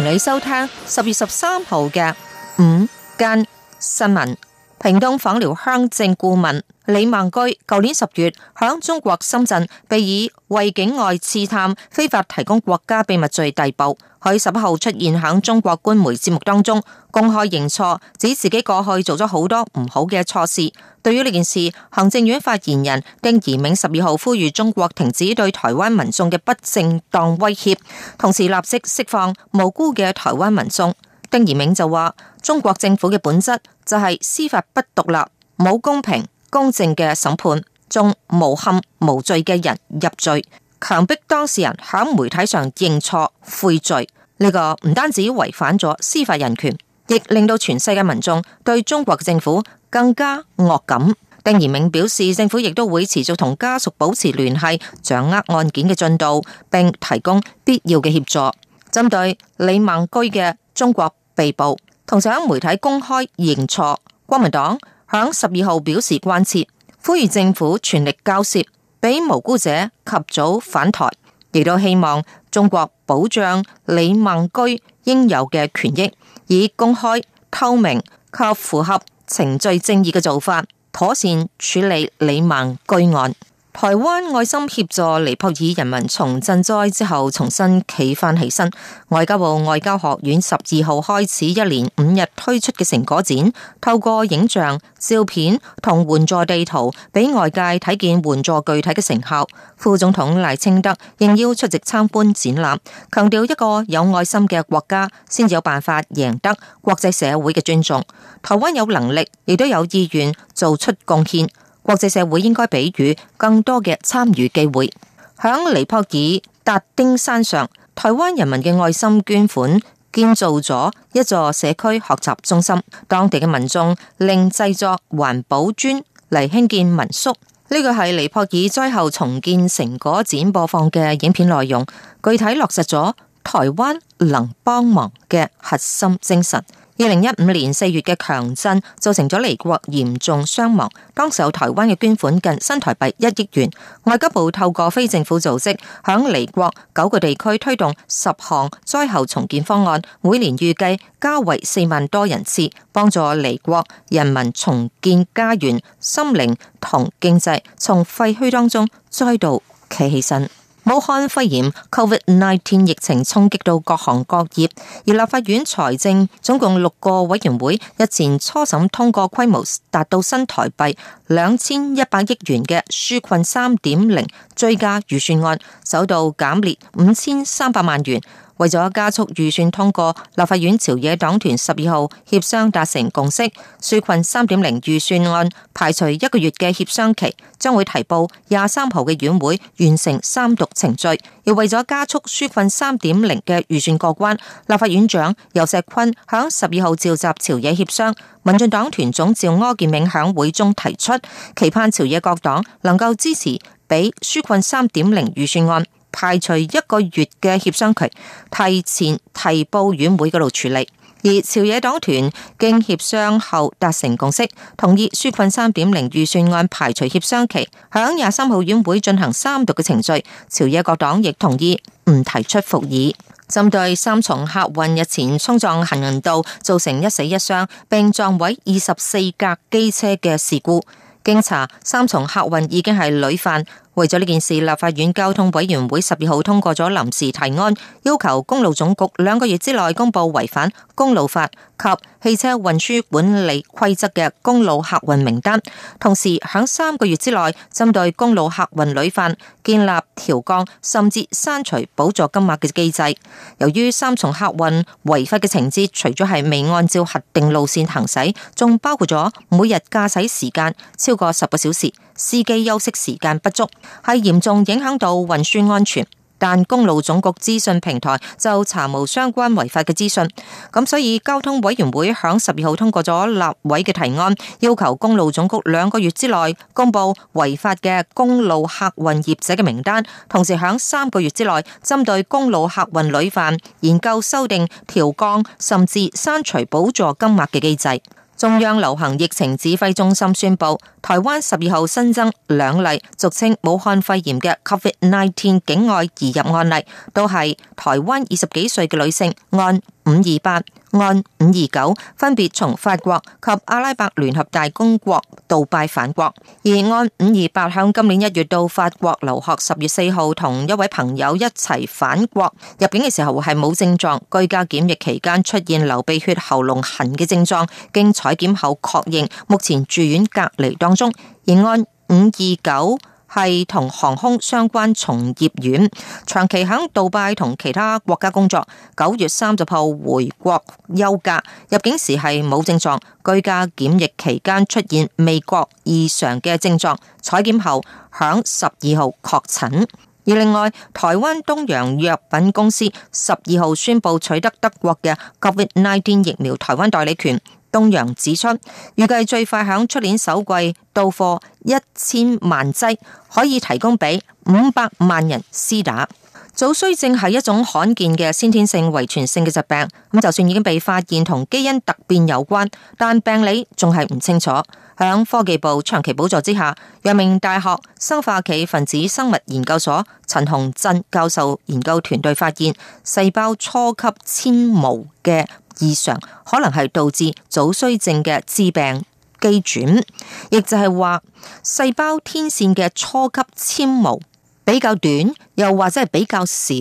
同你收聽十月十三號嘅午間新聞。屏東訪寮鄉政顧問李孟居，舊年十月響中國深圳被以為境外刺探、非法提供國家秘密罪逮捕。佢十一號出現響中國官媒節目當中公開認錯，指自己過去做咗好多唔好嘅錯事。對於呢件事，行政院發言人丁宜明十二號呼籲中國停止對台灣民眾嘅不正當威脅，同時立即釋放無辜嘅台灣民眾。丁宜明就話，中國政府嘅本質就係司法不獨立，冇公平公正嘅審判，仲無陷無罪嘅人入罪，強迫當事人喺媒體上認錯悔罪。呢、這個唔單止違反咗司法人權，亦令到全世界民眾對中國嘅政府更加惡感。丁宜明表示，政府亦都會持續同家屬保持聯繫，掌握案件嘅進度，並提供必要嘅協助。針對李孟居嘅。中國被捕，同時喺媒體公開認錯。國民黨喺十二號表示關切，呼籲政府全力交涉，俾無辜者及早返台，亦都希望中國保障李孟居應有嘅權益，以公開、透明及符合程序正義嘅做法，妥善處理李孟居案。台灣愛心協助尼泊爾人民從震災之後重新企返起身。外交部外交學院十二號開始一連五日推出嘅成果展，透過影像、照片同援助地圖，俾外界睇見援助具體嘅成效。副總統賴清德應邀出席參觀展覽，強調一個有愛心嘅國家先至有辦法贏得國際社會嘅尊重。台灣有能力，亦都有意願做出貢獻。國際社會應該給予更多嘅參與機會。響尼泊爾達丁山上，台灣人民嘅愛心捐款建造咗一座社區學習中心。當地嘅民眾另製作環保磚嚟興建民宿。呢個係尼泊爾災後重建成果展播放嘅影片內容，具體落實咗台灣能幫忙嘅核心精神。二零一五年四月嘅強震造成咗離國嚴重傷亡，當時有台灣嘅捐款近新台幣一億元。外交部透過非政府組織響離國九個地區推動十項災後重建方案，每年預計交為四萬多人次，幫助離國人民重建家園、心靈同經濟，從廢墟當中再度企起身。武漢肺炎 （COVID-19） 疫情衝擊到各行各業，而立法院財政總共六個委員會日前初審通過規模達到新台幣兩千一百億元嘅紓困三點零追加預算案，首度減列五千三百萬元。為咗加速預算通過，立法院朝野黨團十二號協商達成共識，紓困三點零預算案排除一個月嘅協商期，將會提報廿三號嘅院會完成三讀程序。又為咗加速紓困三點零嘅預算過關，立法院長游錫堃響十二號召集朝野協商，民進黨團總召柯建銘響會中提出，期盼朝野各黨能夠支持，俾紓困三點零預算案。排除一個月嘅協商期，提前提報院會嗰度處理。而朝野黨團經協商後達成共識，同意《紓困三點零預算案》排除協商期，響廿三號院會進行三讀嘅程序。朝野各黨亦同意唔提出復議。針對三重客運日前衝撞行人道，造成一死一傷，並撞毀二十四架機車嘅事故，經查三重客運已經係累犯。為咗呢件事，立法院交通委員會十二號通過咗臨時提案，要求公路總局兩個月之內公布違反公路法及汽車運輸管理規則嘅公路客運名單，同時喺三個月之內針對公路客運屢犯建立調降甚至刪除補助金額嘅機制。由於三重客運違法嘅情節，除咗係未按照核定路綫行駛，仲包括咗每日駕駛時間超過十個小時。司機休息時間不足，係嚴重影響到運輸安全。但公路總局資訊平台就查無相關違法嘅資訊，咁所以交通委員會響十二號通過咗立委嘅提案，要求公路總局兩個月之內公布違法嘅公路客運業者嘅名單，同時響三個月之內針對公路客運屢犯研究修訂調降甚至刪除補助金額嘅機制。中央流行疫情指揮中心宣布，台灣十二號，新增兩例俗稱武漢肺炎嘅 Covid nineteen 境外移入案例，都係台灣二十幾歲嘅女性案。按五二八案五二九分別從法國及阿拉伯聯合大公國杜拜返國，而案五二八向今年一月到法國留學，十月四號同一位朋友一齊返國，入境嘅時候係冇症狀，居家檢疫期間出現流鼻血、喉嚨痕嘅症狀，經採檢後確認，目前住院隔離當中。而案五二九。係同航空相關從業員，長期喺杜拜同其他國家工作。九月三十號回國休假，入境時係冇症狀，居家檢疫期間出現味覺異常嘅症狀，採檢後響十二號確診。而另外，台灣東洋藥品公司十二號宣布取得德國嘅 COVID-19 疫苗台灣代理權。東洋指出，預計最快喺出年首季到貨一千萬劑，可以提供俾五百萬人施打。早衰症係一種罕見嘅先天性遺傳性嘅疾病，咁就算已經被發現同基因突變有關，但病理仲係唔清楚。喺科技部長期補助之下，陽明大學生化暨分子生物研究所陳鴻震教授研究團隊發現，細胞初級纖毛嘅。異常可能係導致早衰症嘅致病機轉，亦就係話細胞天綫嘅初級纖毛比較短，又或者係比較少，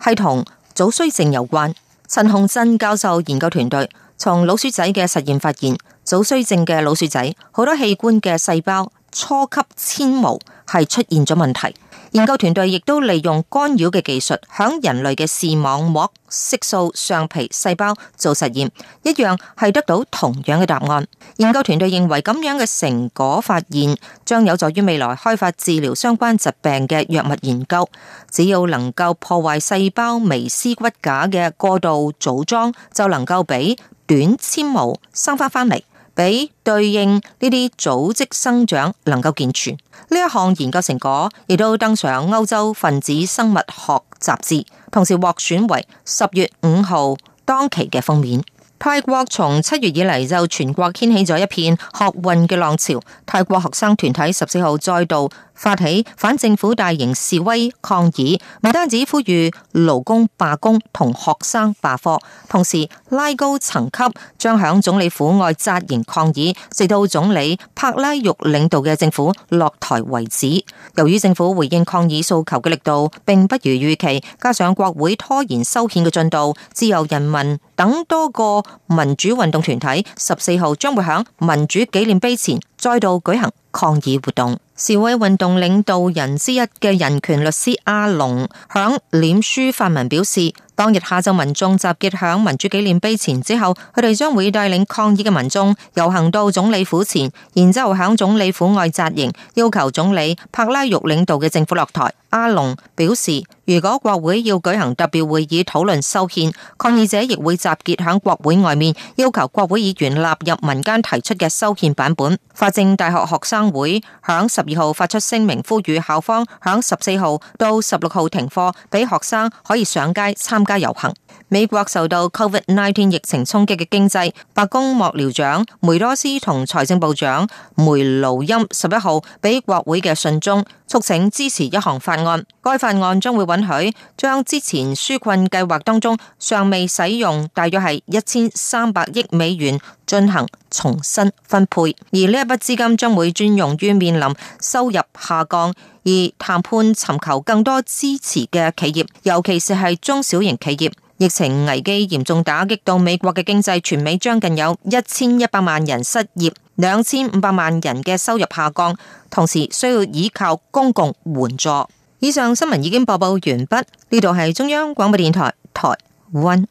係同早衰症有關。陳鴻振教授研究團隊從老鼠仔嘅實驗發現，早衰症嘅老鼠仔好多器官嘅細胞初級纖毛係出現咗問題。研究團隊亦都利用干擾嘅技術，響人類嘅視網膜色素上皮細胞做實驗，一樣係得到同樣嘅答案。研究團隊認為咁樣嘅成果發現將有助於未來開發治療相關疾病嘅藥物研究。只要能夠破壞細胞微絲骨架嘅過度組裝，就能夠俾短纖毛生翻翻嚟，俾對應呢啲組織生長能夠健全，呢一項研究成果亦都登上歐洲分子生物學雜誌，同時獲選為十月五號當期嘅封面。泰國從七月以嚟就全國掀起咗一片學運嘅浪潮，泰國學生團體十四號再度發起反政府大型示威抗議，唔單止呼籲勞工罷工同學生罷課，同時拉高層級將響總理府外紮營抗議，直到總理帕拉育領導嘅政府落台為止。由於政府回應抗議訴求嘅力度並不如預期，加上國會拖延修憲嘅進度，自由人民等多個民主運動團體十四號將會響民主紀念碑前再度舉行抗議活動。示威運動領導人之一嘅人權律師阿龍響臉書發文表示。當日下晝，民眾集結響民主紀念碑前之後，佢哋將會帶領抗議嘅民眾遊行到總理府前，然之後響總理府外紮營，要求總理柏拉玉領導嘅政府落台。阿龍表示，如果國會要舉行特別會議討論修憲，抗議者亦會集結響國會外面，要求國會議員納入,入民間提出嘅修憲版本。法政大學學生會響十二號發出聲明，呼籲校方響十四號到十六號停課，俾學生可以上街參。加遊行。美國受到 Covid nineteen 疫情衝擊嘅經濟，白宮幕僚長梅多斯同財政部長梅努欽十一號俾國會嘅信中，促請支持一項法案，該法案將會允許將之前紓困計劃當中尚未使用大約係一千三百億美元進行重新分配，而呢一筆資金將會專用於面臨收入下降。而談判尋求更多支持嘅企業，尤其是係中小型企業。疫情危機嚴重打擊到美國嘅經濟，全美將近有一千一百萬人失業，兩千五百萬人嘅收入下降，同時需要依靠公共援助。以上新聞已經播報完畢，呢度係中央廣播電台台灣